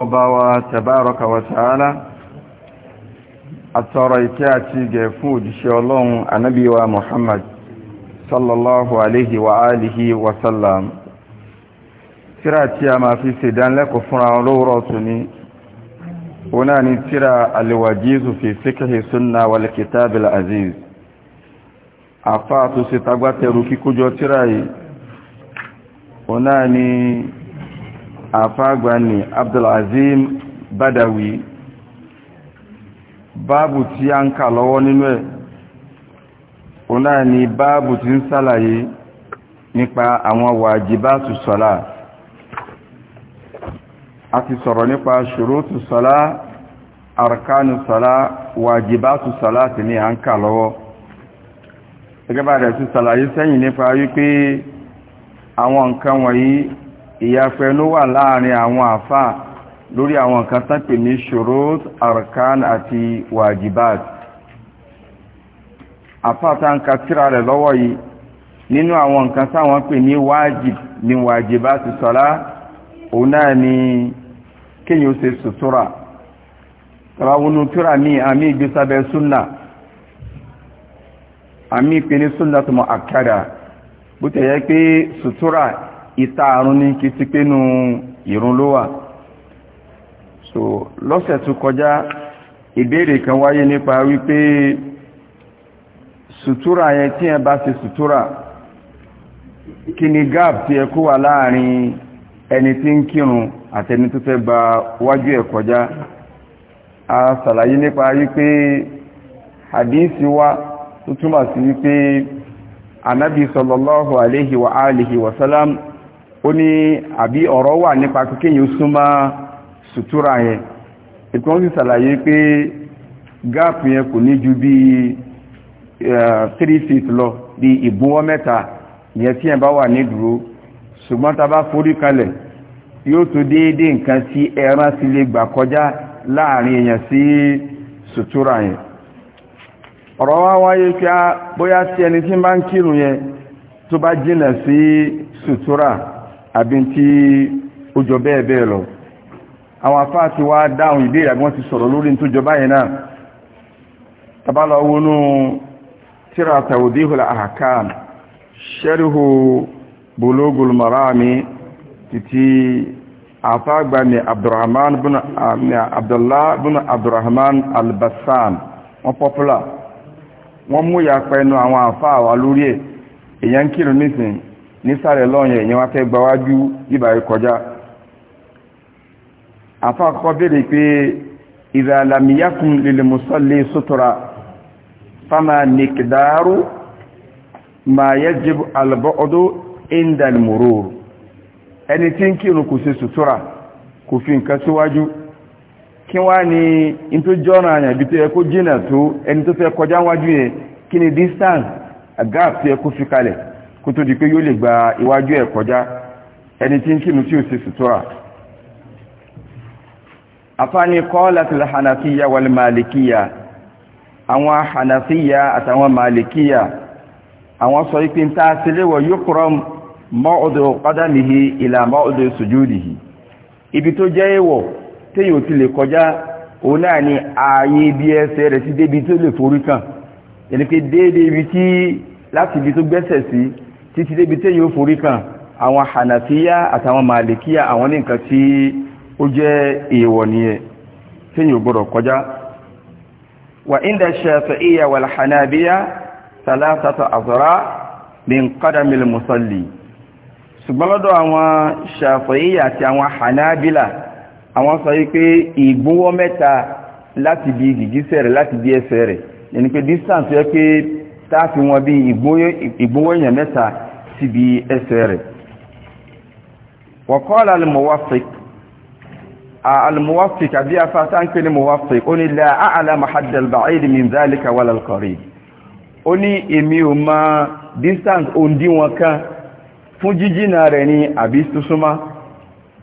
ọba wa tabaraka wa ta'ala àtọrọ ìkẹ́ àti ìgẹ̀ fún òjíṣẹ́ ọlọ́run anábíwa muhammad sallallahu alaihi wa alihi wa sallam tírà tí a máa fi ṣèdánlẹ́kọ̀ọ́ fúnra olóòrọ̀ tó ní wọ́n ni tírà alwajizu fi fiqhi sunna wal kitab aziz àfáà tó ṣe tagbátẹrù kíkójọ tírà yìí wọ́n ni àfáàgbà ní Abdulazim Badawi báàbù tí a ń kà lọ́wọ́ nínú ẹ̀ ọ̀nà ni báàbù tí ń sàlàyé nípa àwọn wàjìbátù sọ́lá a ti sọ̀rọ̀ nípa ṣùrútù sọ́lá arkanu sọ́lá wàjìbátù sọ́lá ti ní à ń kà lọ́wọ́ gẹ́gẹ́ bá rẹ̀ ti sàlàyé sẹ́yìn nípa wípé àwọn nǹkan wọ̀nyí ìyàfẹ́nú wà láàrin àwọn àfáà lórí àwọn kan tán pè ní shurut arkan àti wajibat àfáà tá ń ka tírà rẹ̀ lọ́wọ́ yìí nínú àwọn nǹkan táwọn pè ní wajib ní wajibat sọ́lá òun náà ni kéyàn ó ṣe sùtúrà tàbáwọnú tírà ní àmì ìgbésábẹ́ súnnà àmì ìpè ní súnnà tó mọ̀ àkádà bó pé sùtúrà ìta àrùn ní kí sí pé ìrún ló wà so lọ́sẹ̀ tó kọjá ìbéèrè kan wáyé nípa wípé sùtúrà yẹn tí ẹ bá ṣe sùtúrà kí ni gap tí ẹ kó wà láàrin ẹni tí ń kírun àtẹni tó fẹ́ gba wájú ẹ̀ kọjá a ṣàlàyé nípa wípé hadisi wa tó túmọ̀ sí wípé anábì sallallahu alaihi wa alihi wa salam ó ní àbí ọ̀rọ̀ wà nípa kíkéyìn súnmọ́ sùtúrà yẹn ìpín sí sàlàyé pé gáàpù yẹn kò ní ju bí 3 feet lọ bí ìbúwọ́ mẹ́ta ìyẹn tí yẹn bá wà ní dúró ṣùgbọ́n ta bá forí kalẹ̀ yóò tó déédé nǹkan tí ẹran sì lè gbà kọjá láàrin èèyàn sí sùtúrà yẹn ọ̀rọ̀ wá wáyé pé bóyá tí ẹni tí bá ń kírun yẹn tó bá jìnà sí sùtúrà àbí tí ó jọ bẹ́ẹ̀ bẹ́ẹ̀ lọ àwọn afá ti wá dáhùn ìbéèrè àbí wọ́n ti sọ̀rọ̀ lórí tó jọ báyìí náà tabalọ wọnú tíra tàwùdíhùl àhàkàm ṣẹ́rìhù bulugul marami títí afa ni abdurrahman bin ni abdullah bin abdurrahman al-bassan wọn popular wọn mú yàpẹ ẹnu àwọn afa wa nísìnyí nísàlẹ̀ lọ́yìn èyàn wá fẹ́ gbáwájú bíbáyé kọjá àfá àkọ́kọ́ bèèrè pé ìrànlàmìyàkùn lil musalli sutura fama nìkìdáàrú ma yajib albọ́ọ̀dọ́ indal murur ẹni tí ń kírun kò sí sutura kò fi nǹkan síwájú kí wá ní in tó jọ́nà àyàn bí tó yẹ kó jìnà tó ẹni tó fẹ́ kọjá wájú yẹn kí ni distance a gap tó yẹ kó fi kalẹ̀ kó tó di pé yóò lè gba iwájú ẹ̀ kọjá ẹni tí ń kínú tí ó sì sùtúrà afáni qalatil hanafiya wal malikiya àwọn hanafiya àtàwọn malikiya àwọn sọ ipin tá a sílé wọ yukram ma'udu qadamihi ila ma'udu sujudihi ibi tó jẹ́ èèwọ̀ téyàn ti lè kọjá òun náà ni ààyè ibi ẹsẹ̀ rẹ̀ sí débi tó lè forí kàn ẹni pé déédéé ibi tí láti ibi tó gbẹ́sẹ̀ sí títí débi tẹ́yìn ó forí kan àwọn hànàfíyà àtàwọn màlìkíyà àwọn ní nǹkan tí ó jẹ́ èèwọ̀ nìyẹn tẹ́yìn ò gbọ́dọ̀ kọjá wà inda shafi'iyya wal hanabiya salasata azra min qadamil musalli ṣùgbọ́n lọ́dọ̀ àwọn shafi'iyya àti àwọn hanabila àwọn sọ wípé ìgbúnwọ́ mẹ́ta láti bí gìgísẹ̀ rẹ̀ láti bí ẹsẹ̀ rẹ̀ yẹni pé distance yẹ pé táàfi wọn bí ìgbúnwọ́ èèyàn mẹ́ta síbi ẹsẹ̀ rẹ̀ wọ̀kọ́lá al-muwafiq al-muwafiq àbí afáta ń pè ní muwafiq ó ní la a'lamu hadda al-ba'id min dhalika wala al-qarib ó ní èmi ò ma distance òǹdíwọ̀n kan fún jíjìnà rẹ̀ ní àbí súnsúnmá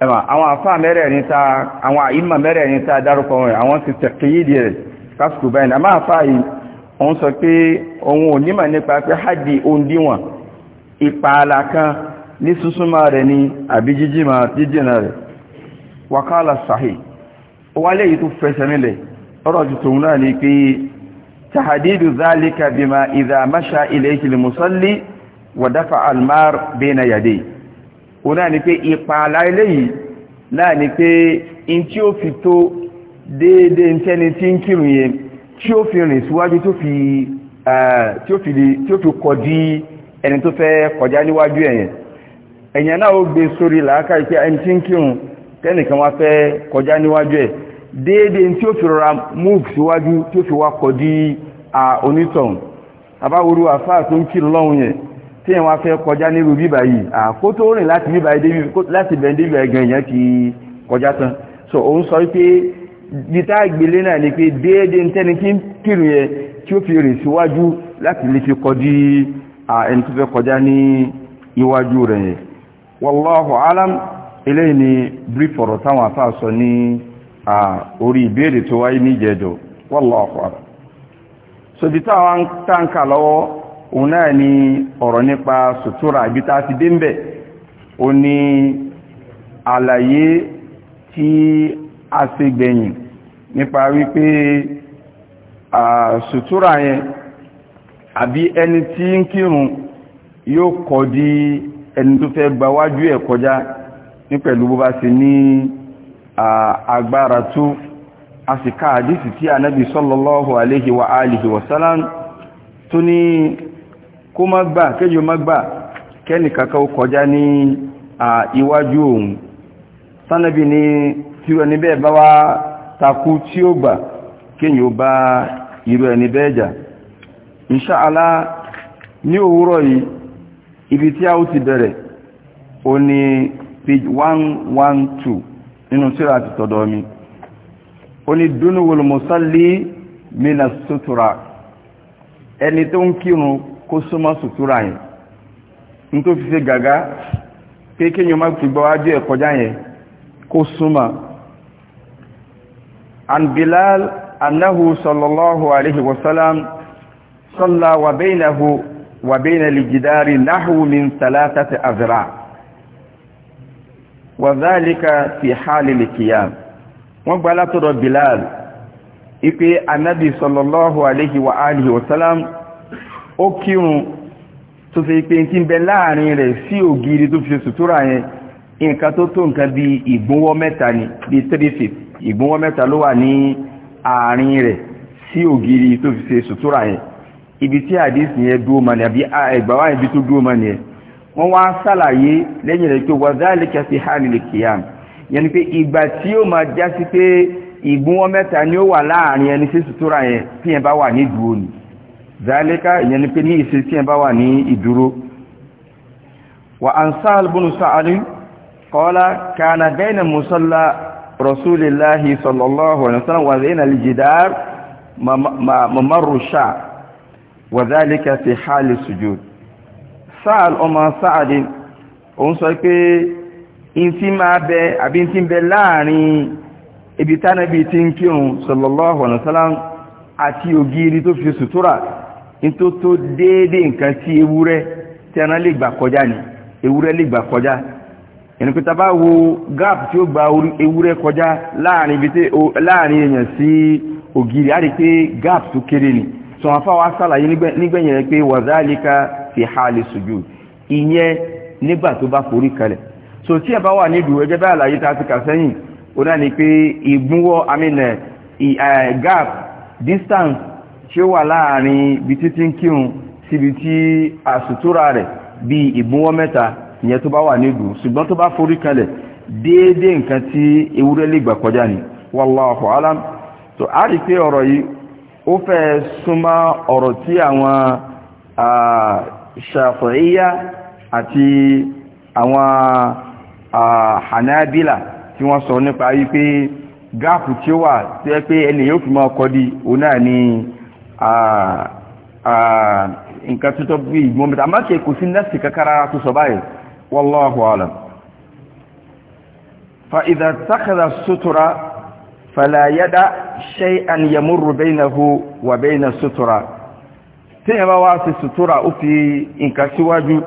ẹ̀mà àwọn àfá mẹ́rẹ̀ẹ̀rin ta àwọn àìmà mẹ́rẹ̀ẹ̀rin ta dárúkọ wọn àwọn ti tẹ̀kìyìdì rẹ̀ kásìkò báyìí àmá àfá yìí wọ́n sọ ìpààlà kan ní súnsúnmà rẹ̀ ní àbí jíjìmà jíjìnà rẹ̀ wàkálà sahih wálé yìí tó fẹsẹ̀ nílẹ̀ ọ̀rọ̀ jù tòun náà ni pé tahadidu zalika bima idha masha ilayhi al-musalli wa dafa al-mar bayna yadayhi ọ̀nà ni pé ìpààlà eléyìí náà ni pé in tí ó fi tó déédéé ń tẹ́ni tí ń kírun yẹn tí ó fi rìn síwájú eh, tí ó fi kọjú ẹni tó fẹ́ kọjá níwájú ẹ̀yẹn ẹ̀yẹn náà ó gbé sórí làákà ìpé ẹni tí ń kírun tẹ́nìkan wá fẹ́ kọjá níwájú ẹ̀ déédéé tí ó fi rọra múùf síwájú tí ó fi wá kọjú à onítọ̀hún abáwòrú àfáà tó ń kírun lọ́hùn yẹn tí ẹ̀yẹn wá fẹ́ kọjá nílùú bíbà yìí àkó bíbà yìí so òun sọ pé gita gbélé náà ni pé déédéé tẹ́ni tí ń kírun yẹn ẹni tó fẹ́ kọjá ní iwájú rẹ̀ yẹn wallahu alam eléyìí ni brief ọ̀rọ̀ táwọn afá sọ ní orí ìbéèrè tó wáyé ní ìjẹjọ wallahu alam sobi táwọn táǹkà lọ́wọ́ òun náà ni ọ̀rọ̀ nípa sutura ibi tá a ti dé ń ó ní àlàyé tí a ṣe gbẹ̀yìn nípa wípé sutura yẹn àbí ẹni tí ń kírun yóò kọ́ di ẹni tó fẹ́ gba wájú ẹ̀ kọjá ní pẹ̀lú bó bá ṣe ní agbára tó a sì ká àdísì tí ànábì sallallahu aléhi wa alihi wa sallam tó ní kó má gbà kéjò má gbà kẹ́ni kàkà ó kọjá ní iwájú òun sánàbì ni tí ẹni bẹ́ẹ̀ bá wá takú tí ó gbà kéyìn ó bá irú ẹni bẹ́ẹ̀ jà inṣáàlá ní òwúrọ̀ yìí ibi tí a ó ti bẹ̀rẹ̀ o ní page 112 nínú tírà àti tọ̀dọ̀ mi o ní dúnúwòl mùsálí mina sutura ẹni tó ń kírun kó súnmọ́ sutura tó fi ṣe gàgá pé kéèyàn má fi gbọ́wájú ẹ̀ kọjá an Bilal annahu sallallahu alaihi wasallam صلى وبينه وبين الجدار نحو من ثلاثة أذراع وذلك في حال القيام وبلغ بلال ipe anabi sallallahu alaihi wa alihi wa salam ó kírun tó ṣe pé ntin bẹ láàrin rẹ̀ sí ògiri tó fi sutura yẹn nǹkan tó tó nǹkan bí ìgbúnwọ́ mẹ́ta ni bí 3 feet ìgbúnwọ́ mẹ́ta ló wà ní àárín rẹ̀ sí ògiri tó fi ṣe sutura yẹn ibi tí àdísì yẹn dúró ma ní àbí ẹgbàwá ibi tó dúró ma ní ẹ wọ́n wá sàlàyé lẹ́yìn rẹ̀ pé wàzálìkà sí hànílì kìyàm yẹni pé ìgbà tí ó ma já sí pé ìgbúnwọ́ mẹ́ta ni ó wà láàrin ẹni sí sutura yẹn tí yẹn bá wà ní dúró ni zálìkà yẹni pé ní ìṣe tí yẹn bá wà ní ìdúró wà án sáàlùbùnú sáàlù kọ́lá kàánà bẹ́ẹ̀nà musalla rasulillahi sallallahu alaihi wasallam wà zẹ́nà lìjìdár mamarusha wàzálíkà fi hálì sujud sáàl ọmọ sáàdì òun sọ pé in ti máa bẹ àbí ti bẹ láàrin ibi tánàbí ti ń kírun sallallahu alaihi wasallam àti ògiri tó fi sutura in tó tó déédé nǹkan tí ewúrẹ́ tẹ́ran lè gbà kọjá ni ewúrẹ́ lè gbà kọjá ẹni pé tàbá wo gap tí ó gba ewúrẹ́ kọjá láàrin èèyàn sí ògiri á rí pé gap tó kéré ni sọ afá wa sàlàyé nígbẹ̀yìn rẹ̀ pé wàzálíkà fi hali sujud ìyẹn nígbà tó bá forí kalẹ̀ so tí ẹ bá wà ní ìdúró ẹjẹ́ bá àlàyé tá a ti kà náà ni pé ìgbúnwọ́ amínà eh, eh, gap distance tí ó wà láàrin bí títí ń kírun síbi tí àsùtúrà rẹ̀ bí ìgbúnwọ́ mẹ́ta ìyẹn tó bá wà ní ìdúró ṣùgbọ́n tó bá forí kalẹ̀ déédéé nǹkan tí ewúrẹ́ lè gbà kọjá ni wallahu alam so a rí ó fẹ́ súnmọ́ ọ̀rọ̀ tí àwọn ṣàfàíyá àti àwọn hanabila tí wọ́n sọ nípa wípé gáàpù tí ó wà tí ẹ pé ẹni yóò fi máa kọ́dí òun náà ni nǹkan tó tọ́ bí ìgbọ́nbẹ̀ta má kí kò sí nẹ́sì kankára tó sọ báyìí wallahu alam sutura fala yada shay'an yamurru bainahu wa baina sutura tí ẹ bá wá sí sutura ó fi nǹkan síwájú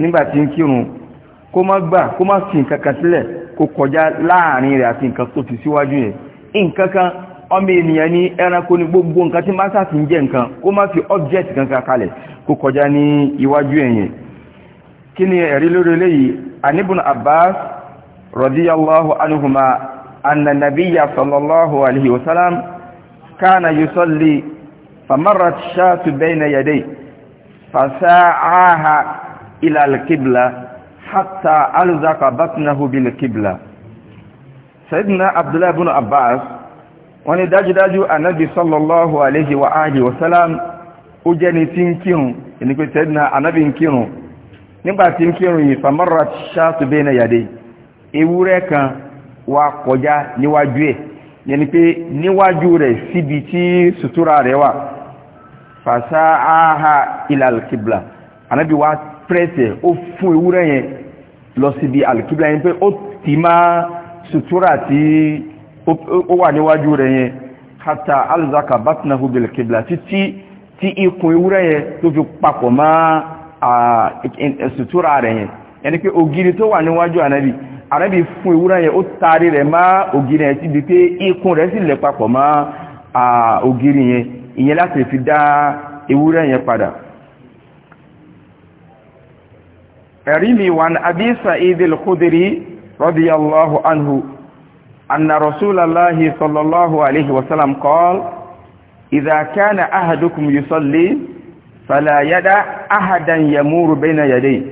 nígbà tí ń kírun kó má gbà kó má fi nǹkan kan sílẹ̀ kó kọjá láàrin rẹ̀ àti nǹkan tó fi síwájú yẹn nǹkan kan ọmọ ènìyàn ní ẹranko ní gbogbo nǹkan tí máa sáàtì ń jẹ nǹkan ko má fi object kankan kalẹ̀ kó kọjá ní iwájú ẹ̀yìn kí ni ẹ̀rí lórí eléyìí anibun abbas radiyallahu anhuma أن النبي صلى الله عليه وسلم كان يصلي فمرت الشاة بين يديه فساعاها إلى القبلة حتى ألزق بطنه بالقبلة سيدنا عبد الله بن عباس wọ́n dájú dájú ànábì sallallahu alaihi wa alihi wa salam ó jẹ́ ni tí ń kírun ẹni pé sẹ́dìnà ànábì ń kírun nígbà tí ń kírun yìí famarra ṣáàtù bẹ́ na yàdé ewúrẹ́ kan wa kọjá níwájú ẹ̀ yẹni pé níwájú rẹ̀ síbi tí sutura rẹ̀ wà fàṣà áhà ilà alkibla anábì wá pẹ́ẹ̀sẹ̀ ó fún ewúrẹ́ yẹn lọ síbi alkibla yẹn pé ó ti máa sutura tí ó wà níwájú rẹ̀ yẹn hata alzaka batnahu bil kibla títí tí ikùn ewúrẹ́ yẹn tó fi papọ̀ mọ́ sutura rẹ̀ yẹn yẹni pé ògiri tó wà níwájú anábì àrẹ́bí fún ewúrẹ́ yẹn ó taari rẹ̀ má ògiri yẹn ti di pé ikùn rẹ̀ sì lẹ̀ papọ̀ má ògiri yẹn ìyẹn láti fi dá ewúrẹ́ yẹn padà ẹ̀rí mi wà ní Abi Sa'id al-Khudri radiyallahu anhu anna rasulallahi sallallahu alayhi wa sallam qala idha kana ahadukum yusalli fala ahadan yamuru bayna yadayhi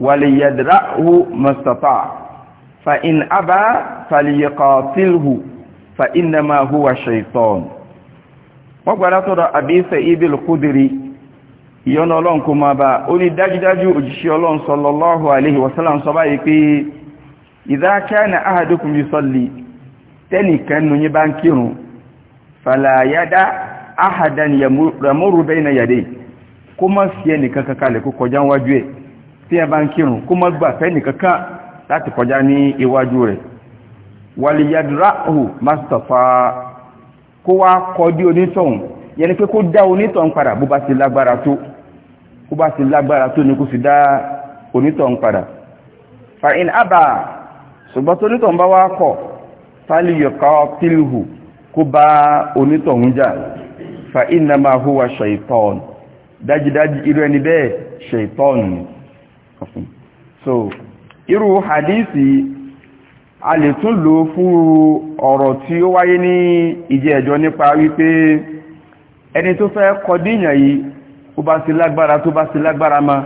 wa liyadra'hu mastata' فإن أبى فليقاتله فإنما هو شيطان وقال ترى أبي سعيد الخدري ìyọ́nà ọlọ́run kó máa bá ó ní dájúdájú òjíṣẹ́ ọlọ́run sallallahu alaihi wasallam sọ báyìí pé idha kana ahadukum yusalli tẹ́nìkan nù yí bá ń fala yada ahadan yamuru bayna yadayhi kó má fi ẹnìkan kankalẹ̀ kó kọjá wájú ẹ̀ tí ẹ bá ń kírun kó má gbà láti kọjá ní iwájú rẹ̀ wàlìyàdúráhù mastapha kó wá kọjú onítọ̀hún yẹni pé kó dá onítọ̀hún padà bó bá ti lágbára tó kó bá ti lágbára tó ní kó sì dá onítọ̀hún padà fa'in abba ṣùgbọ́n tó wa bá wá kọ̀ fàlìyọ̀kọ́ tìlùhù dájídájí irú ẹni bẹ́ẹ̀ ṣàìtọ́ọ̀nù so irú hadisi a lè tún lò fún ọ̀rọ̀ tí ó wáyé ní ìjẹ́ ẹ̀jọ́ nípa wípé ẹni tó fẹ́ kọdíyàn yìí ó bá sí lágbára tó bá sí lágbára ma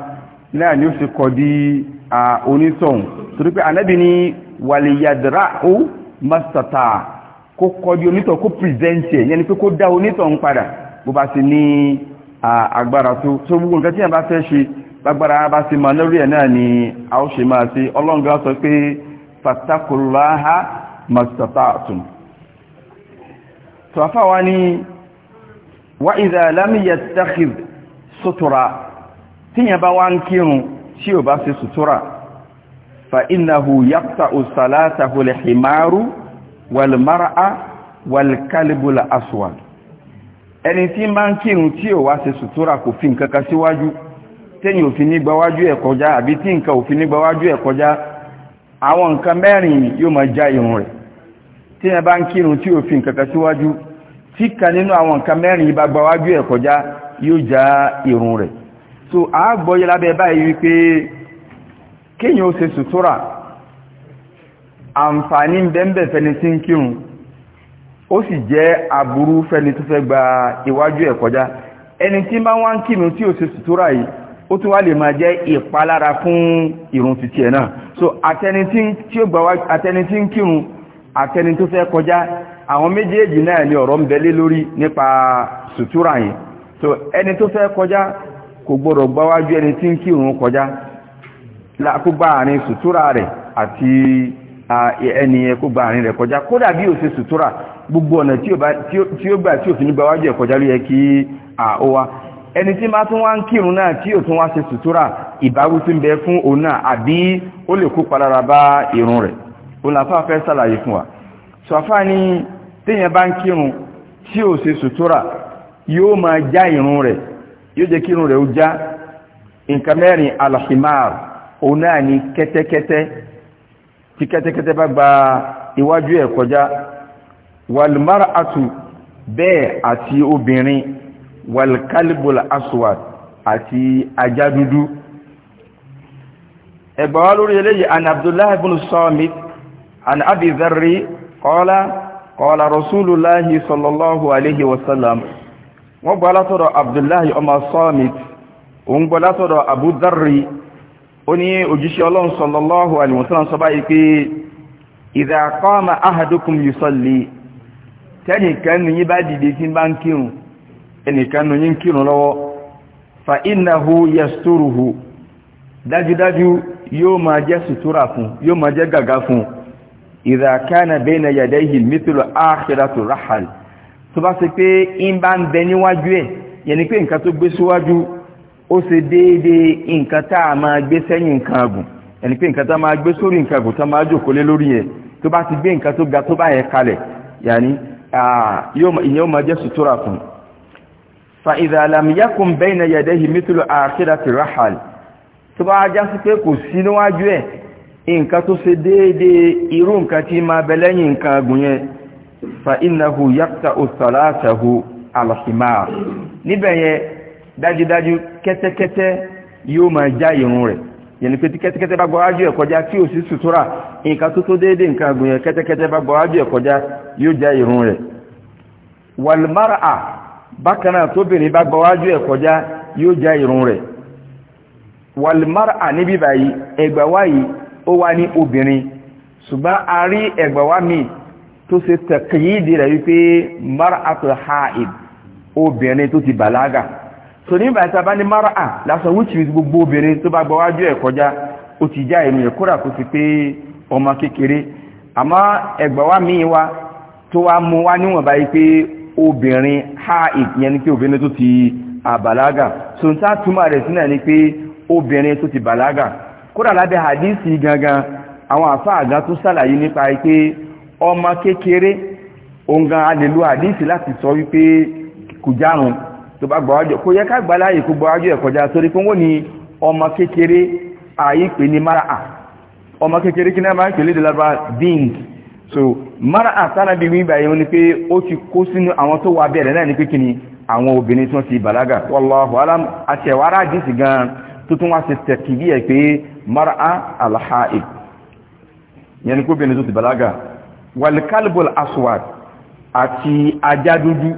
náà ni ó sì kọdí à onítọ̀hún torí pé ànábì ni wàlìyàdìrá ó mọ́sàtà kó kọdí onítọ̀ kó pìrìsẹ́ntì ẹ̀ yẹni pé kó dá onítọ̀hún padà bó bá sí ní agbára tó gbogbo nǹkan tí yàn bá fẹ́ ṣe gbagbara bá sí ma lórí ẹ̀ náà ni a ó ṣe máa sí ọlọ́ngá sọ pé fatakullaha mastata'tum tọ́fàwá ni wa idha lam yattakhidh sutura tíyàn bá wá ń kírun tí ò bá sí sutura fa innahu yaqta'u salatahu al-himaru wal-mar'a wal-kalbu al-aswad ẹni tí máa ń kírun tí ò wá sí sutura kò fi nǹkan síwájú si tẹ́yìn òfin ní gbawájú ẹ̀ kọjá àbí tí nǹkan òfin ní gbawájú ẹ̀ kọjá àwọn nǹkan mẹ́rin yóò máa já irun rẹ̀ tí ẹ bá ń kírun tí òfin kankan síwájú tí kan nínú àwọn nǹkan mẹ́rin bá gbawájú ẹ̀ kọjá yóò já irun rẹ̀ so àágbọ́yé lábẹ́ báyìí wípé kéèyàn ó ṣe sùtúrà àǹfààní bẹ́ẹ̀bẹ̀ fẹni tí ń kírun ó sì jẹ́ aburú fẹni tó fẹ́ gba iwájú ẹ̀ kọjá ẹni tí máa wá ń kírun tí ó ṣe sùtúrà yìí ó tún wá lè máa jẹ́ ìpalára fún ìrun títí ẹ̀ náà so àtẹni tí ó gbàwá àtẹni tí ń kírun àtẹni tó fẹ́ kọjá àwọn méjèèjì náà ni ọ̀rọ̀ ń bẹ lé lórí nípa sùtúrà yìí so ẹni tó fẹ́ kọjá kò gbọ́dọ̀ gbáwájú ẹni tí ń kírun kọjá lákúgbà àrin sùtúrà rẹ̀ àti ẹni ẹkúgbà àrin rẹ̀ kọjá kódà bí ò ṣe sùtúrà gbogbo ọ̀nà tí ó gbà tí ò fi ní gbáwájú ẹ̀ kọjá ló yẹ kí ó ẹni tí máa tún wá ń kírun náà tí ò tún wá ṣe sùtúrà ìbáwí tí ń bẹ fún òun náà àbí ó lè kó padà bá irun rẹ̀ òun làfá fẹ́ sàlàyé fún wa sọ̀fá ni téèyàn bá ń kírun tí ò ṣe sùtúrà yóò máa já irun rẹ̀ yóò jẹ́ kírun rẹ̀ ó já nǹkan mẹ́rin alhimar òun náà ni kẹ́tẹ́kẹ́tẹ́ tí kẹ́tẹ́kẹ́tẹ́ bá gba iwájú ẹ̀ kọjá walmar atu bẹ́ẹ̀ àti obìnrin walkalbul aswad àti ajá dúdú ẹgbàwá lórí eléyìí an abdullahi ibn samit an abi zarri qala qala rasulullahi sallallahu alaihi wasallam wọ́n gbọ́ látọ̀dọ̀ abdullahi ọmọ samit òun gbọ́ látọ̀dọ̀ abu zarri ó ní òjíṣẹ́ ọlọ́run sallallahu alaihi wasallam sọ báyìí pé idha qama ahadukum yusalli tẹ́nìkan ní bá dìde tí bá ń kírun ẹnìkan nù yín kírun lọ́wọ́ fa innahu yasturuhu dájúdájú yóò máa jẹ́ sutura fún yóò máa jẹ́ gàgá fún idha kana bayna yadayhi mithlu akhiratu rahal tó bá ṣe pé in bá ń bẹ níwájú ẹ̀ yẹn ni pé nǹkan tó gbé síwájú ó ṣe déédéé nǹkan tá a máa gbé sẹ́yìn nǹkan àgùn ẹni pé nǹkan tá a máa gbé sórí nǹkan àgùn tá a máa jòkó lé lórí ẹ̀ tó bá ti gbé nǹkan tó ga tó bá yẹ kalẹ̀ yàní ìyẹn ó máa jẹ́ sutura fún un فإذا لم يكن بين يديه مثل آخرة الرحل tó bá já sí pé kò sí níwájú ẹ̀ nǹkan tó ṣe déédéé irú nǹkan tí máa bẹ lẹ́yìn nǹkan agùn yẹn فإنه يقطع صلاته على الحمار níbẹ̀ yẹn dájúdájú kẹ́tẹ́kẹ́tẹ́ yóò máa já irun rẹ̀ yẹni pé tí kẹ́tẹ́kẹ́tẹ́ bá gbọ́wájú ẹ̀ kọjá tí ò sí sutura nǹkan tó tó déédéé nǹkan agùn yẹn kẹ́tẹ́kẹ́tẹ́ bá gbọ́wájú ẹ̀ kọjá yóò já irun rẹ̀ wàlmára bákan náà tóbìnrin bá gbọ́wájú ẹ̀ kọjá yóò já irun rẹ̀ walmara níbí báyìí ẹgbàwá yìí ó wá ní obìnrin ṣùgbọ́n a rí ẹgbàwá míì tó ṣe tẹ̀kìyìdì rẹ̀ wípé mar'atul ha'id obìnrin tó ti bàlágà so nígbà tí a bá ní mar'a lásán which is gbogbo obìnrin tó bá gbọ́wájú ẹ̀ kọjá ó ti já irun rẹ̀ kódà kó sì pé ọmọ kékeré àmọ́ ẹgbàwá míì wa tó wá mú wá níwọ̀n báyìí pé obìnrin ha yẹn ni pé obìnrin tó ti àbàlágà so n táà túmọ̀ rẹ̀ pé obìnrin tó ti bàlágà kódà lábẹ́ hadisi gangan àwọn àfáàgá tó sàlàyé nípa pé ọmọ kékeré alèlú hadisi láti sọ wípé kò tó bá gbọ́wájọ́ kò yẹ ká gbà láàyè kó gbọ́wájọ́ ni mara ọmọ kékeré kí máa ń so mara àtàrà bí wíbà yẹn ni pé ó ti kó sínú àwọn tó wà bẹ̀rẹ̀ náà ní pé kíni àwọn obìnrin tí wọ́n ti bàlágà wallahu alam àṣẹwàrá gan tó tún wá ṣe tẹ̀kì bí ẹ̀ pé mara alhaib yẹn ni kó obìnrin tó ti bàlágà walikalbol aswad àti ajá dúdú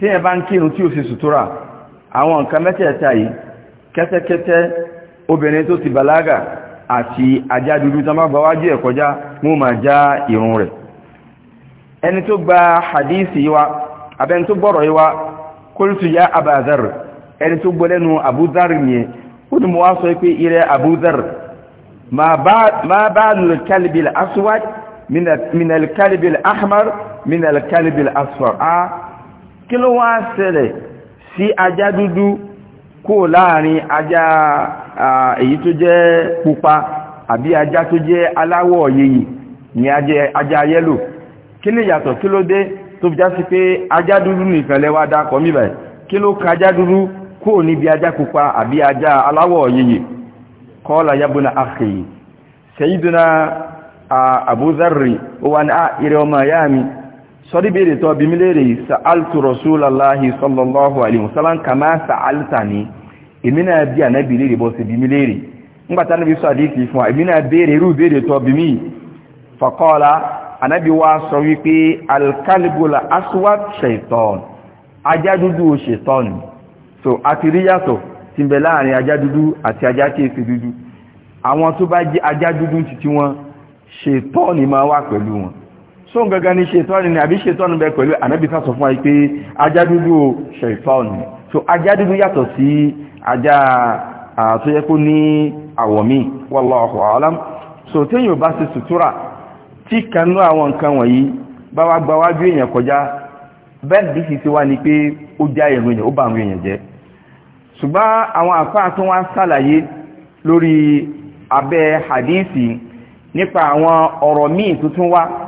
tí ẹ bá ń kírun tí ó sì àti ajá dúdú tán bá gbáwájú ẹ̀ kọjá mú ma já ìrun rẹ̀ ẹni tó gba hadisi wa abẹni tó gbọ́rọ̀ yíwa kólútù ya abazar ẹni tó gbọ́lẹ́nu abuzar nìyẹn ó ní mo wá sọ pé ilẹ̀ abuzar ma bá lùkálìbìl aswad minalkálìbìl ahmar minalkálìbìl asfar a ah, kí ló wá ṣẹlẹ̀ sí ajá dúdú kó láàrin ajá èyí tó jẹ́ pupa àbí ajá tó jẹ́ aláwọ̀ yìí ni ajá yẹ́lò kí lè yàtọ̀ kí ló dé tó fi já sí pé ajá dúdú ní ìfẹ̀lẹ́ wá dákọ̀ mílẹ̀ kí ló ka ajá dúdú kó níbi ajá pupa àbí ajá aláwọ̀ yìí kọ́ọ̀lá yábúna akhi sayyiduna Abu ó wà ní sọ́rí bèèrè tọ́ bí mílèrè sa'altu rasulallahi sallallahu alaihi wasallam kama sa'alta ni èmi náà bí ànábì lè bọ́ sí bí mílèrè ngbàtà níbi sọ àdíkì fún èmi náà bèèrè irú bèèrè tọ́ bí mí faqala ànábì wá so àti rí yàtọ̀ tí ń bẹ láàrin ajá dúdú àti ajá tí èsì dúdú àwọn tó bá jẹ́ ajá dúdú títí wọn shaitan ni máa wà pẹ̀lú wọn so n ni ṣetọ́ni ni àbí ṣetọ́ni bẹ pẹ̀lú ànábìsá sọ fún wa pé ajá dúdú so ajadudu dúdú yàtọ̀ sí ajá tó yẹ kó ní wallahu a'lam so téèyàn bá ṣe sutura tí kanú àwọn nǹkan wọ̀nyí bá wá gba wájú èèyàn kọjá bẹ́ẹ̀ bí sì ti wá ni pé ó já ìrun èèyàn ó bá àwọn èèyàn jẹ́ ṣùgbọ́n àwọn àfáà tó wá sàlàyé lórí abẹ́ hadisi nipa àwọn ọ̀rọ̀ míì tuntun wá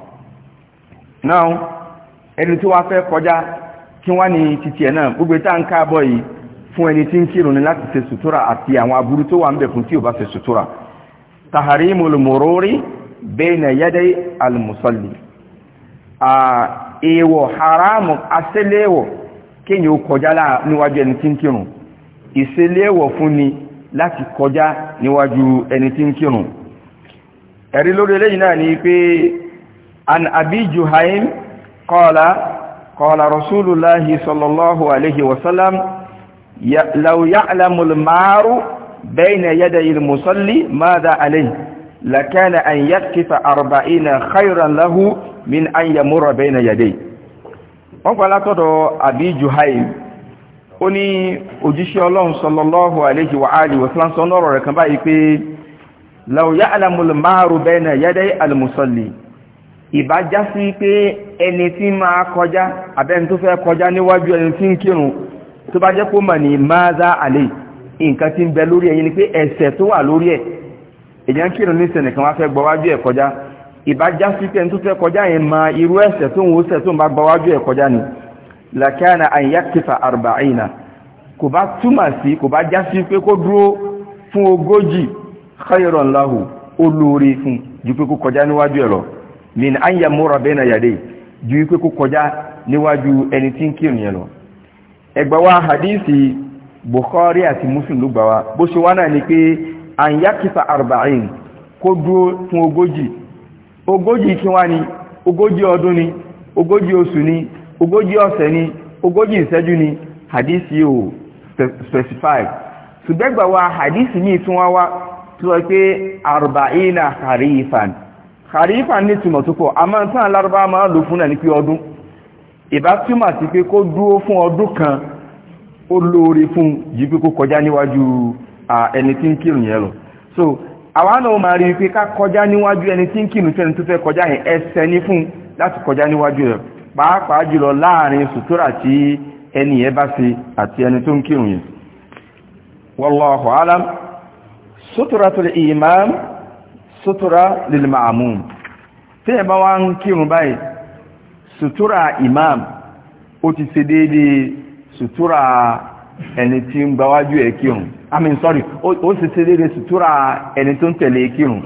now ẹni tí wọ́n fẹ́ kọjá kí wọ́n ní títí ẹ̀ náà gbogbo tá ń káàbọ̀ yìí fún ẹni tí ń kírun ní láti ṣe sùtúrà àti àwọn aburú tó wà ń bẹ̀ fún tí ò bá ṣe sùtúrà taharimul mururi bayna yaday al-musalli èèwọ̀ haramu asẹ́léèwọ̀ kéèyàn ó kọjá níwájú ẹni tí ń kírun ìṣẹ́léèwọ̀ fún ni láti kọjá níwájú ẹni tí ń kírun ẹ̀rí lórí eléyìí náà ni pé عن أبي جهيم قال قال رسول الله صلى الله عليه وسلم لو يعلم المار بين يدي المصلي ماذا عليه لكان أن يقف أربعين خيرا له من أن يمر بين يديه wọ́n pàlá tọ́dọ̀ àbí juhaim ó ní òjíṣẹ́ ọlọ́run sọlọ́lọ́hù àléjì wà áàlì wọ̀sánṣọ́ lọ́rọ̀ rẹ̀ kan báyìí pé law ya'lamul maru bayna yaday musalli ìbá já sí pé ẹni tí máa kọjá àbẹ́ni tó fẹ́ kọjá níwájú ẹni tí ń kírun tó bá jẹ́ kó mọ̀ ní máza àlè nǹkan tí ń bẹ lórí ẹ̀yìn ni pé ẹ̀ṣẹ̀ tó wà lórí ẹ̀ èyàn kírun ní sẹ̀nìkan wá fẹ́ gbọ́wájú ẹ̀ kọjá ìbá já sí pé ẹni tó fẹ́ kọjá yẹn ma irú ẹ̀ṣẹ̀ tó ń wo ṣẹ̀ tó ń bá gbọ́wájú ẹ̀ kọjá ni làkàna àyà kìfà àrùbáyìnà kò bá túmọ̀ sí kò bá já sí pé kó dúró fún ogójì khayron lahu olóore fún ju pé kó kọjá níwájú ẹ̀ lọ min an mura bena yade ju ikwe kó kọjá níwájú ẹni tí ń kírun yẹn wa hadisi bukhari ati muslim ló gbà wá bó ṣe ni an arba'in kó dúró fún ogoji ogójì kí ni ogójì ọdún ni ogójì osu ni ogójì ọ̀sẹ̀ ni ogójì iseju ni hadisi o specify ṣùgbẹ́gbà wa hadisi ní tun wa wá to pe pé arba'ina harifan kari ní túmọ̀ tó a máa tán lárúbá máa lò fún ẹni pé ọdún ìbá túmọ̀ sí pé kó dúó fún ọdún kan ó lóore fún yìí pé kó kọjá níwájú ẹni tí ń kírun yẹn lọ so náà máa rí pé ká kọjá níwájú ẹni tí ń tó fẹ́ kọjá yẹn ẹsẹ̀ ní fún láti kọjá níwájú rẹ̀ pàápàá jùlọ láàrin sùtúrà sutura lil ma'mum tí ẹ bá wá ń kírun báyìí sutura imam ó ti ṣe déédéé sutura ẹni tí ń gbáwájú ẹ kírun i mean sorry ó ti ṣe déédéé sutura ẹni tó ń tẹ̀lé e kírun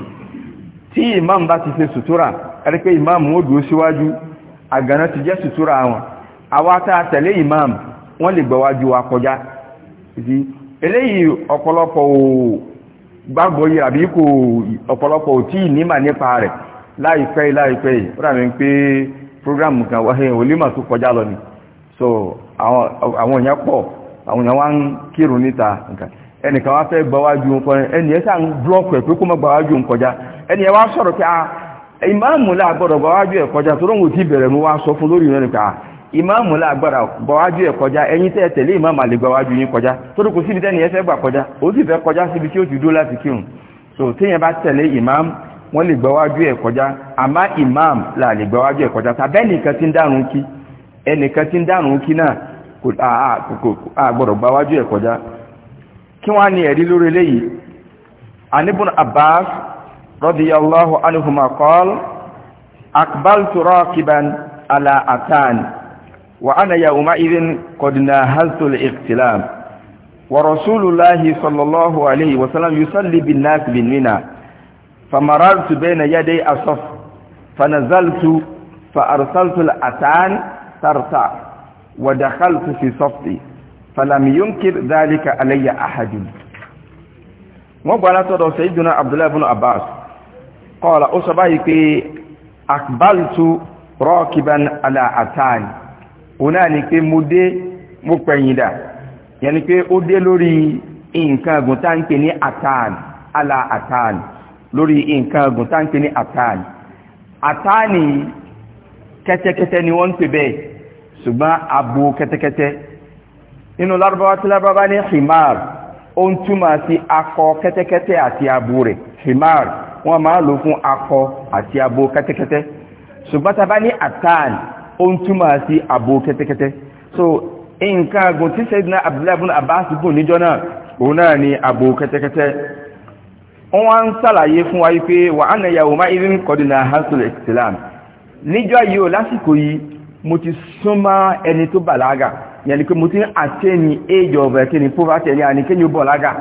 tí imam bá ti ṣe sutura ẹni pé imam ó dúró síwájú àgànà ti jẹ́ sutura wọn àwa tá tẹ̀lé imam wọ́n lè gbáwájú wa kọjá eléyìí ọ̀pọ̀lọpọ̀ òòó gbàgbọ́ yìí àbí kò ọ̀pọ̀lọpọ̀ ò tí ì nímà nípa rẹ̀ láìpẹ́ láìpẹ́ yìí ó dàbí pé program kan wáyé olímọ̀ tó kọjá lọ ni so àwọn èèyàn pọ̀ àwọn èèyàn wá ń kírun níta nǹkan ẹnìkan wá fẹ́ gbọ́wájú ń ẹni ẹ sáà ń ẹ̀ pé kó mọ́ ẹni ẹ wá sọ̀rọ̀ ah, ìmáàmù la gbọ́wájú ẹ̀ kọjá ẹ̀yin tẹ́ tẹ̀lé ìmáàmù àlègbọ́wájú yín kọjá torí kò síbi tẹ́ni ẹfẹ́ gbà kọjá ó sì fẹ́ kọjá síbi tí ó ti dó láti so téèyàn bá tẹ̀lé ìmáàmù wọ́n lè gbọ́wájú ẹ̀ kọjá àmá ìmáàmù là ẹ̀ kọjá tàbẹ́nìkan وأنا يومئذ قد ناهزت الاغتلام ورسول الله صلى الله عليه وسلم يصلي بالناس بالمنى فمررت بين يدي الصف فنزلت فأرسلت الأتان ترتع ودخلت في صفي فلم ينكر ذلك علي أحد وقال سيدنا عبد الله بن عباس قال اصبحت أقبلت راكبا على أتان òun náà ni pé mo dé mo pẹ̀yìndà yẹn ni pé ó dé lórí nǹkan ọ̀gùn tá ń pè ní atan ala atan lórí nǹkan ọ̀gùn tá ń pè ní atan atani kẹ́tẹ́kẹ́tẹ́ ni wọ́n ń pè bẹ́ẹ̀ ṣùgbọ́n abo kẹ́tẹ́kẹ́tẹ́ nínú lárúbáwá tí lárúbáwá ní himar ó ń túmọ̀ sí akọ kẹ́tẹ́kẹ́tẹ́ àti abo rẹ̀ himar wọ́n máa lò fún akọ àti abo kẹ́tẹ́kẹ́tẹ́ ṣùgbọ́n tá bá ní atan ó ń túmọ̀ sí àbò so nǹkan agùn tí sẹ́dínà abdullahi ibn abbas gùn níjọ́ náà òun náà ni àbò kẹ́tẹ́kẹ́tẹ́ wọ́n ń sàlàyé fún wa wípé wà á nà yàwó má irin kọ́dínà hasul islam níjọ́ yìí ò lásìkò yìí mo ti súnmọ́ ẹni tó bàlágà yẹni pé mo ti ń age of ẹ̀kẹ́ni eh, poverty ẹni àni kéyìn ó bọ̀lágà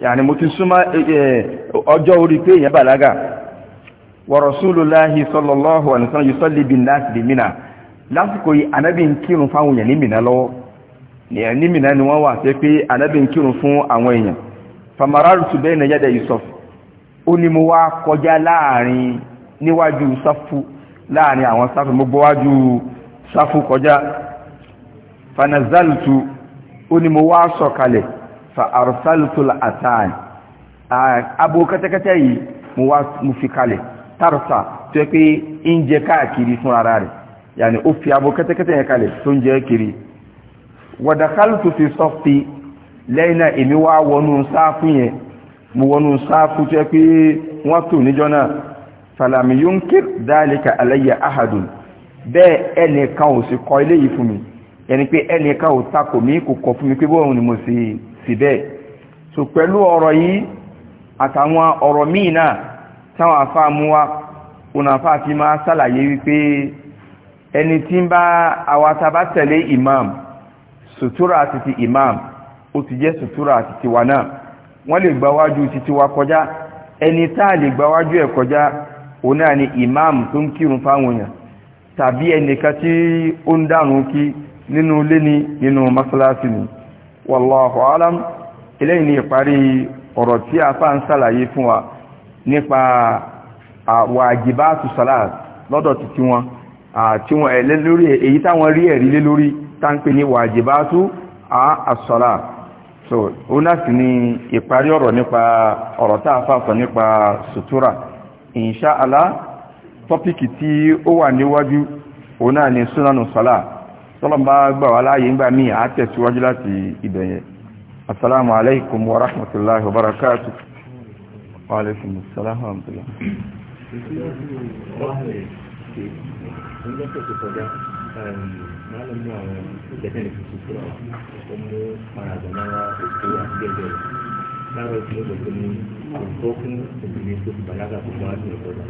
ya mo ti súnmọ́ eh, eh, ọjọ́ orí pé èèyàn bàlágà wa rasulullahi sallallahu alaihi wasallam yusalli bin nas bi mina lásìkò yìí anábì ń kírun fáwọn èèyàn ní Mínà lọ́wọ́ ní Mínà ni wọ́n wà pé pé anábì ń kírun fún àwọn èèyàn famararutu bẹ́ẹ̀ na yàda Yusuf ó ní mo wá kọjá láàrin níwájú sáfù láàrin àwọn sáfù mo gbọ́wájú sáfù kọjá fanazaltu ó ní mo wá sọ̀kalẹ̀ fa arsaltu àtàn abo kẹ́tẹ́kẹ́tẹ́ yìí mo wá mo fi kalẹ̀ tarsa tó yẹ pé ń jẹ káàkiri fún ara rẹ̀ yani uffi abu kata kata ya kale sun je kiri wa dakhaltu fi saffi lẹ́yìnà èmi wá wọnú sáfù yẹn mo wọnú sáfù tó yẹ pé wọ́n tò níjọ́ náà falami yunkir dhalika alayya ahadun bẹ́ẹ̀ ẹnìkan ò sì kọ ilé yìí fún mi ẹni pé ẹnìkan ò takò mí kò kọ fún mi pé bóun ni mo sì sì bẹ́ẹ̀ so pẹ̀lú ọ̀rọ̀ yìí àtàwọn ọ̀rọ̀ míì náà táwọn afáàmú wa òun àfáà fi máa sálàyé wípé ẹni tí ń bá àwàtàbá tẹ̀lé imam sutura àti imam ó ti jẹ́ sutura àti tiwa náà wọ́n lè gbáwájú títí wa kọjá ẹni táà lè gbáwájú ẹ̀ kọjá òun náà ni imam tó ń kírun fáwọn èèyàn tàbí ẹnìkan tí ó ń dànù kí nínú ilé ni nínú mọ́sálásí ni wallahu alam eléyìí ni ìparí ọ̀rọ̀ tí a fà ń sàlàyé fún wa nípa àwàjìbá àtúsàlá lọ́dọ̀ títí wọn tí wọ́n ẹ̀lẹ́ lórí èyí táwọn rí ẹ̀rí lé lórí táńpé ní wàjìbátú àṣọ́lá so ó láti ní ìparí ọ̀rọ̀ nípa ọ̀rọ̀ tá a fàfọ́ nípa sutura insha Allah tọ́pìkì tí ó wà níwájú òun náà ni súnánù sọ́lá tọ́lọ̀mbá gbà wá láàyè ń gbà mí à láti ìbẹ̀yẹn assalamu alaikum wa rahmatullahi wa barakatuh ṣe nígbàtí tó kọjá máàlùm ní àwọn ìgbẹ́tẹ̀lẹ̀ tuntun fúra wa ó mú paradọ̀ lára ètò àgbẹ̀bẹ̀ rẹ̀ lára ìpínlẹ̀ gbogbo ní àwùjọ fún obìnrin tó ti bàlágà tó bá ní ọ̀dọ́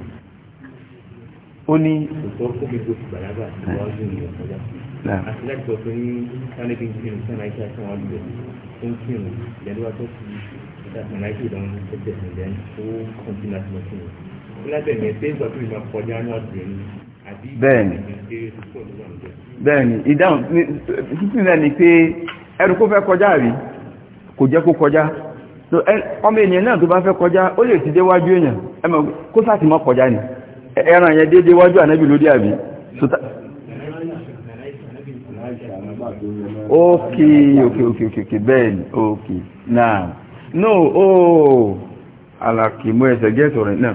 ó ní òtọ́ fún mi tó ti bàlágà tó bá ní ọ̀dọ́ àti láti sọ pé ní sanadi kírun sanadi àti àwọn àgbẹ̀ tó ń kírun lẹ́nu wa tó ti ìdásùn láìpẹ́ ìdánwò tó tẹ̀sán lẹ́nu ó kọ́ńtínà tó ń kírun bẹ́ẹ̀ni bẹ́ẹ̀ni ìdáhùn títí náà ni pé ẹrù kó fẹ́ kọjá rí kò jẹ́ kó kọjá ọmọ ènìyàn náà tó bá fẹ́ kọjá ó lè ti déwájú èèyàn ẹmọ kó sáti mọ́ kọjá ni ẹran yẹn dé déwájú ànábì lórí àbí ókè ókè ókè ókè bẹ́ẹ̀ni ókè náà no ooo oh, alàkìmọ́ ẹsẹ̀ gẹ́ẹ̀tọ̀ rẹ̀ náà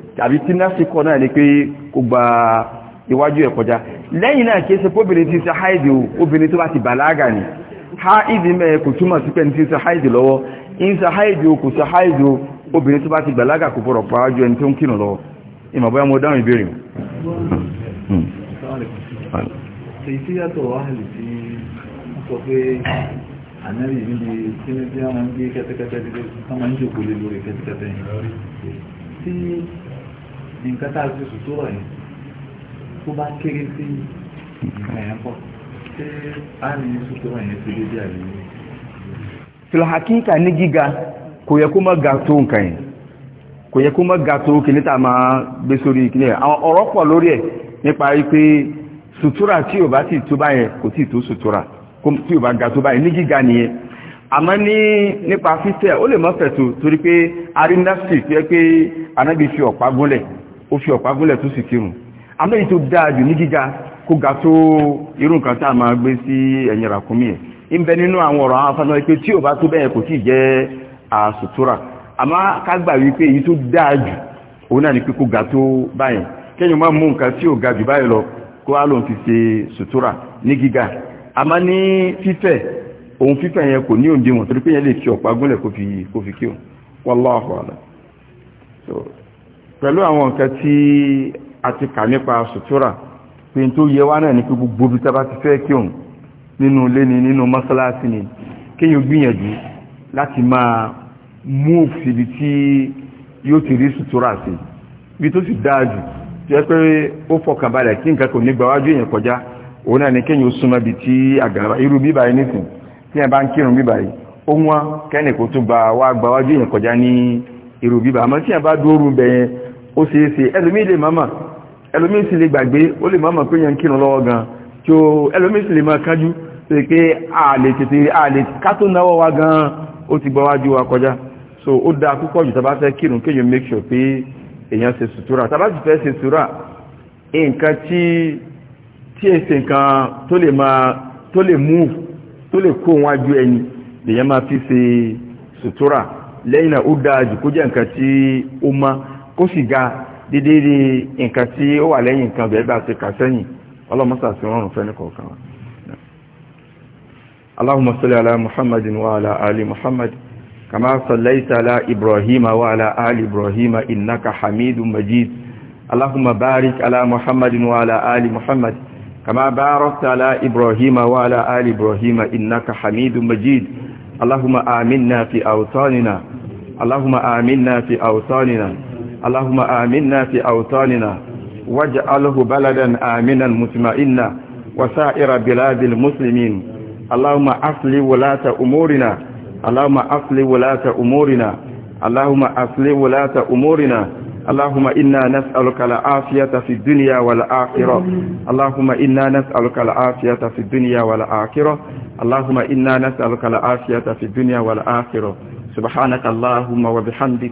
àbí tí násìkọ náà ni pé kó gba iwájú ẹ̀ kọjá lẹ́yìn náà kí é ṣe póbìnrin ti ṣe haidi obìnrin tó bá ti bàlágà ni haidi mẹ́ kò túmọ̀ sí pé ní ti ṣe haidi lọ́wọ́ in ṣe haidi kò ṣe haidi obìnrin tó bá ti bàlágà kò bọ̀rọ̀ pàájú ẹni tó ń kírun lọ́wọ́ ìmọ̀ bóyá mo dáhùn ìbéèrè hmm. ṣe tí yàtọ̀ wáhìlì tí sọ pé ànábì níbi tí ní bí wọ́n tí nǹkan tá a ti sùn tó rọ̀ yẹn tó bá kéré sí nǹkan yẹn pọ̀ ṣé a ní sùn tó rọ̀ yẹn ti dé bí àlè yìí. filhakika ní gíga kò yẹ kó má ga tó nǹkan yẹn kò yẹ kó má ga tó kìíní tá a máa gbé sórí kìíní yẹn àwọn ọ̀rọ̀ pọ̀ lórí ẹ̀ nípa pé sutura tí o bá sì tó báyẹn kò sì tó sutura tí o bá ga tó báyẹn ní gíga nìyẹn àmọ́ ní nípa fífẹ̀ ó lè mọ́ fẹ̀ tó torí pé arínásì fi ẹ́ pé anábì ọ̀pá gúnlẹ̀ ó fi ọ̀pá gúnlẹ̀ tó sì kírun àmọ́ èyí tó dáa jù ní gíga kó ga tó irú nǹkan tá a máa gbé sí ẹ̀yìn ràkúnmí ẹ̀ ń bẹ nínú àwọn ọ̀rọ̀ àwọn afáná pé tí ò bá tó bẹ́ẹ̀ kò tí ì jẹ́ àsùtúrà àmọ́ ká gbà wípé èyí tó dáa jù òun náà ni pé kó ga tó báyìí kẹ́yìn máa mú nǹkan tí ò ga jù báyìí lọ kó á lòun fi ṣe sùtúrà ní gíga àmọ́ ní fífẹ̀ òun fífẹ̀ yẹn kò ní òǹdíwọ̀n torí pé yẹn lè fi ọ̀pá gúnlẹ̀ kó fi kí o wallahu a'lam pẹ̀lú àwọn nǹkan tí a ti kà nípa sutura pé tó yẹ wá náà ní pé gbogbo bí tàbá ti fẹ́ kí òun nínú ilé ni nínú mọ́sálásí ni kéyàn gbìyànjú láti máa mú síbi tí yóò ti rí sutura sí ibi tó sì dáa jù tí ẹ pé ó fọkànbalẹ̀ kí nǹkan kò ní gbàwájú èèyàn kọjá òun náà ni kéyàn ó súnmọ́ ibi tí àgàrà irú bíbà yìí nìsín tí ẹ bá ń kírun bíbà yìí ó wọ́n kẹ́nìkó tó gbà wá gbàwájú èèyàn kọjá ní irú bíbà àmọ́ tí ẹ bá dúró bẹ̀yẹn ó ṣe é ṣe ẹlòmí lè mọ́mọ̀ ẹlòmí sì lè gbàgbé ó lè mọ́mọ̀ pé yẹn kírun lọ́wọ́ gan tí ó ẹlòmí sì lè mọ́ kájú tó pé ààlè tètè ààlè kátó náwọ́ wa gan ó ti gbọ́ wájú wa kọjá so ó dáa púpọ̀ jù tàbá fẹ́ kírun kéyàn make sure pé èèyàn ṣe sùtúrà tàbá sì fẹ́ ṣe sùtúrà nǹkan tí tí è ṣe nǹkan tó lè máa tó lè move tó lè kó wájú ẹni lèèyàn máa fi ṣe sùtúrà lẹ́yìn náà ó dáa jù kó jẹ́ nǹkan tí ó máa kó sì ga dédé rí nǹkan tí ó wà lẹ́yìn nǹkan bẹ̀ẹ́ bá ti kà sẹ́yìn ọlọ́mọ́sà sí rọrùn fẹ́ni kọ̀ọ̀kan wa اللهم صل على محمد وعلى آل محمد كما صليت على إبراهيم وعلى آل إبراهيم إنك حميد مجيد اللهم بارك على محمد وعلى آل محمد كما باركت على إبراهيم وعلى آل إبراهيم إنك حميد مجيد اللهم آمنا في أوطاننا اللهم آمنا في أوطاننا اللهم آمنا في أوطاننا واجعله بلدا آمنا مطمئنا وسائر بلاد المسلمين اللهم أصل ولاة أمورنا اللهم أصل ولاة أمورنا اللهم أصل ولاة أمورنا اللهم إنا نسألك العافية في الدنيا والآخرة اللهم إنا نسألك العافية في الدنيا والآخرة اللهم إنا نسألك العافية في الدنيا والآخرة سبحانك اللهم وبحمدك